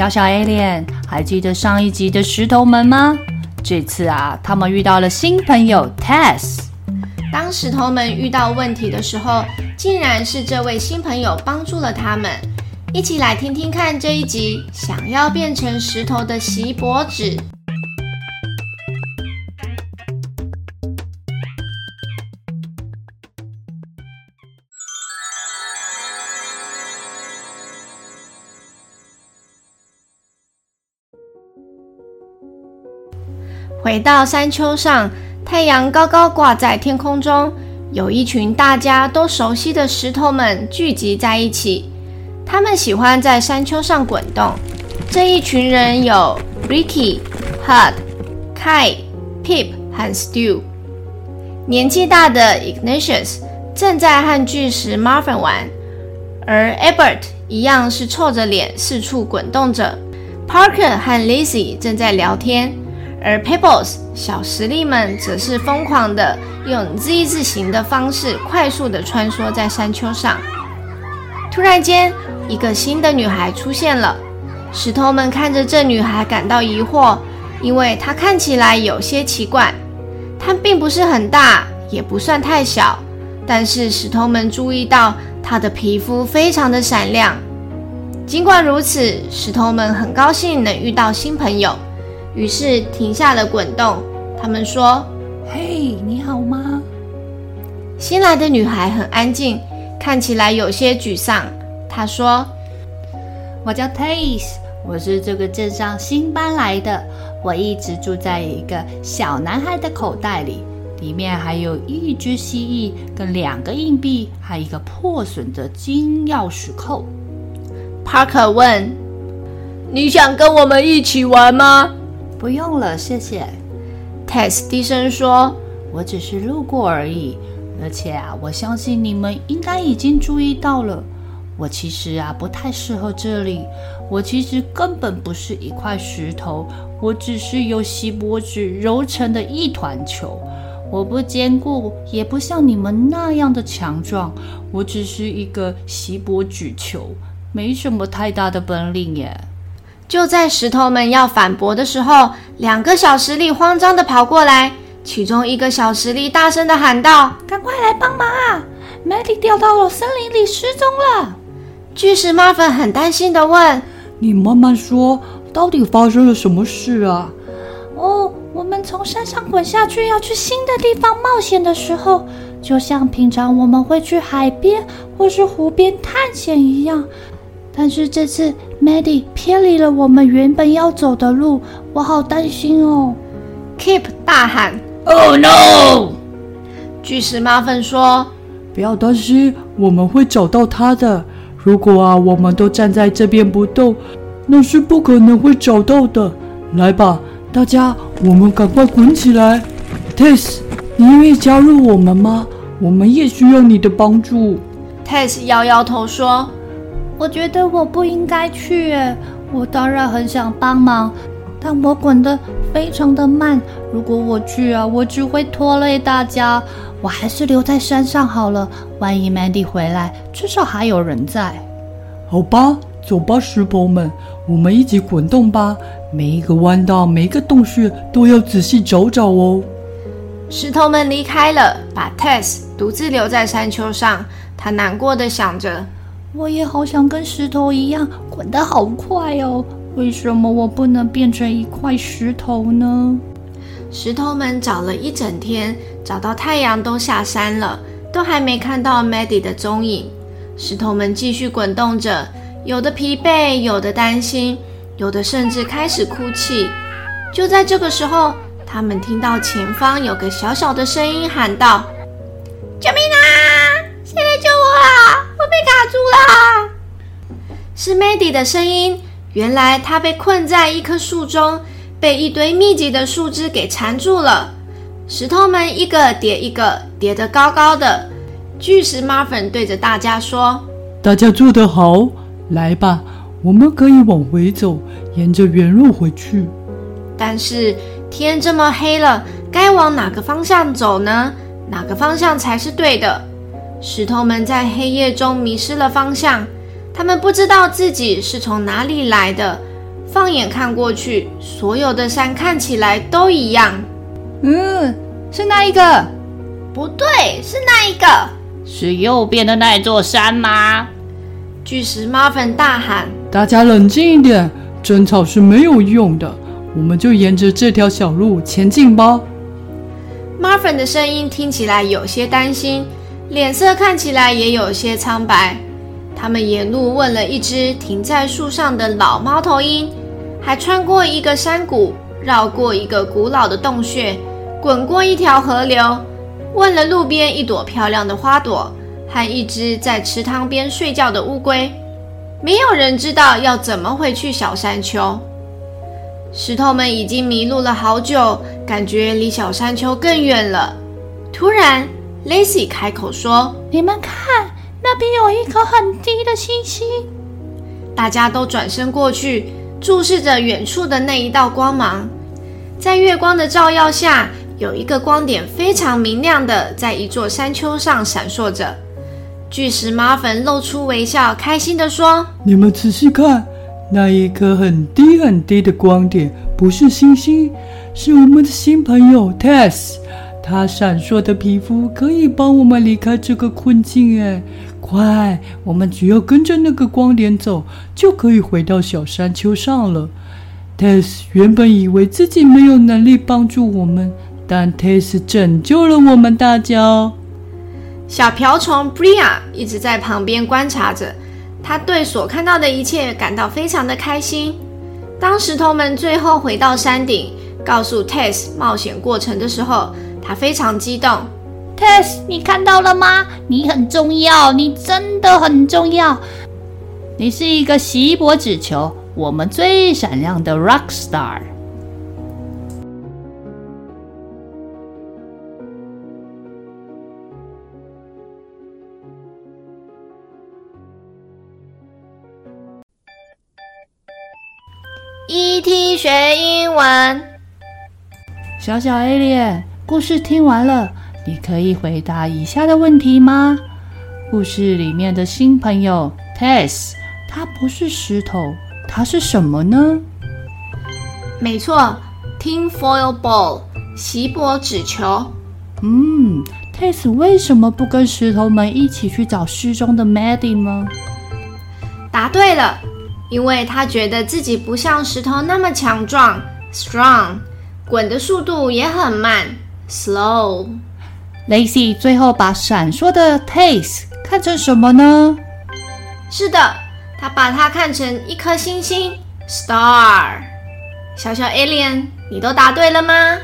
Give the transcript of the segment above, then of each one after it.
小小 alien，還記得上一集的石頭們嗎？這次啊，他們遇到了新朋友 Tess。當石頭們遇到問題的時候，竟然是這位新朋友幫助了他們。一起來聽聽看這一集，想要變成石頭的錫箔紙。回到山丘上，太陽高高掛在天空中，有一群大家都熟悉的石頭們聚集在一起。他們喜歡在山丘上滾動。這一群人有 Ricky、Hud、Kai、Pip 和 Stew。年紀大的 Ignatius 正在和巨石 Marvin 玩，而 Ebert 一樣是臭着臉四處滾動着。Parker 和 Lizzie 正在聊天。而 Pebbles 小石粒們則是瘋狂的用 Z 字形的方式快速的穿梭在山丘上。突然間，一個新的女孩出現了。石頭們看着這女孩感到疑惑，因為她看起來有些奇怪。她並不是很大，也不算太小，但是石頭們注意到她的皮膚非常的閃亮。儘管如此，石頭們很高興能遇到新朋友。於是停下了滾動。他們說：“嘿，你好嗎？”新來的女孩很安靜，看起來有些沮喪。她說：“我叫 Tess，我是這個鎮上新搬來的。我一直住在一個小男孩的口袋裡，裡面還有一隻蜥蜴、跟兩個硬幣，還有一個破損的金鑰匙扣。” Parker 問：“你想跟我們一起玩嗎？”不用了，謝謝。泰斯低聲說：“我只是路過而已，而且啊，我相信你們應該已經注意到了，我其實啊不太適合這裡。我其實根本不是一塊石頭，我只是由錫箔紙揉成的一團球。我不堅固，也不像你們那樣的強壯。我只是一個錫箔紙球，沒什麼太大的本領耶。”就在石頭們要反駁的時候，兩個小石粒慌張的跑過來，其中一個小石粒大聲地喊道：“趕快來幫忙啊！Matty 掉到了森林裡失蹤了。”巨石媽粉很擔心地問：“你慢慢說，到底發生了什麼事啊？”“哦，我們從山上滾下去，要去新的地方冒險的時候，就像平常我們會去海邊或是湖邊探險一樣，但是這次……” Maddie 偏離了我們原本要走的路，我好擔心哦！Keep 大喊：“Oh no！” 巨石瑪芬說：“不要擔心，我們會找到他的。如果啊，我們都站在這邊不動，那是不可能會找到的。來吧，大家，我們趕快滾起來！Tess，你願意加入我們嗎？我們也需要你的幫助。”Tess 搖搖頭說。我覺得我不應該去耶，我當然很想幫忙，但我滾得非常的慢。如果我去啊，我只會拖累大家。我還是留在山上好了，萬一 Mandy 回來，至少還有人在。好吧，走吧，石頭們，我們一起滾動吧。每一個彎道，每一個洞穴，都要仔細找找哦。石頭們離開了，把 Tess 獨自留在山丘上。他難過地想着。我也好想跟石頭一樣滾得好快哦！為什麼我不能變成一塊石頭呢？石頭們找了一整天，找到太陽都下山了，都還沒看到 Maddie 的蹤影。石頭們繼續滾動着，有的疲憊，有的擔心，有的甚至開始哭泣。就在這個時候，他們聽到前方有個小小的聲音喊道：“救命！”是 Mady 的聲音。原來他被困在一棵樹中，被一堆密集的樹枝給纏住了。石頭們一個疊一個，疊得高高的。巨石 Marvin 對着大家說：“大家做得好，來吧，我們可以往回走，沿着原路回去。”但是天這麼黑了，該往哪個方向走呢？哪個方向才是對的？石頭們在黑夜中迷失了方向。他們不知道自己是從哪裡來的，放眼看過去，所有的山看起來都一樣。嗯，是那一個？不對，是那一個？是右邊的那座山嗎？巨石馬芬大喊：“大家冷靜一點，爭吵是沒有用的。我們就沿着這條小路前進吧。”馬芬的聲音聽起來有些擔心，臉色看起來也有些蒼白。他們沿路問了一隻停在樹上的老貓頭鷹，還穿過一個山谷，繞過一個古老的洞穴，滾過一條河流，問了路邊一朵漂亮的花朵和一隻在池塘邊睡覺的烏龜。沒有人知道要怎麼回去小山丘。石頭們已經迷路了好久，感覺離小山丘更遠了。突然，Lacy 開口說：“你們看。”那邊有一顆很低的星星，大家都轉身過去，注視着遠處的那一道光芒。在月光的照耀下，有一個光點非常明亮的在一座山丘上閃爍着。巨石馬粉露出微笑，開心的說：“你們仔細看，那一顆很低很低的光點不是星星，是我們的新朋友 Tess。她閃爍的皮膚可以幫我們離開這個困境。”哎。快！我們只要跟着那個光點走，就可以回到小山丘上了。Tess 原本以為自己沒有能力幫助我們，但 Tess 拯救了我們大家。小瓢蟲 Bria 一直在旁邊觀察着，她對所看到的一切感到非常的開心。當石頭們最後回到山頂，告訴 Tess 冒險過程的時候，她非常激動。Tess, 你看到了嗎？你很重要，你真的很重要。你是一個錫箔紙球，我們最閃亮的 Rock Star。ET 學英文，小小 Ali，故事聽完了。你可以回答以下的問題嗎？故事裡面的新朋友 Tess，他不是石頭，他是什麼呢？沒錯，tin foil ball，錫箔紙球。嗯，Tess 為什麼不跟石頭們一起去找失蹤的 Maddie 呢？答對了，因為他覺得自己不像石頭那麼強壯 strong，滾的速度也很慢 slow。Lacy 最後把閃爍的 Tess 看成什麼呢？是的，他把它看成一顆星星 star。小小 alien，你都答對了嗎？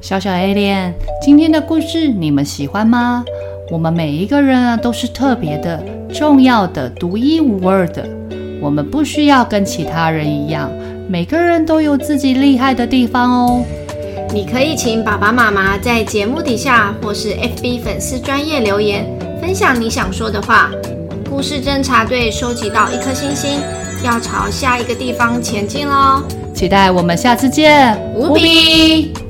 小小 alien，今天的故事你們喜歡嗎？我們每一個人啊都是特別的，重要的，獨一無二的。我們不需要跟其他人一樣，每個人都有自己厲害的地方哦。你可以請爸爸媽媽在節目底下或是 FB 粉絲專頁留言，分享你想說的話。故事偵查隊收集，到一顆星星，要朝下一個地方前進嘍！期待我們下次見，無比比。無比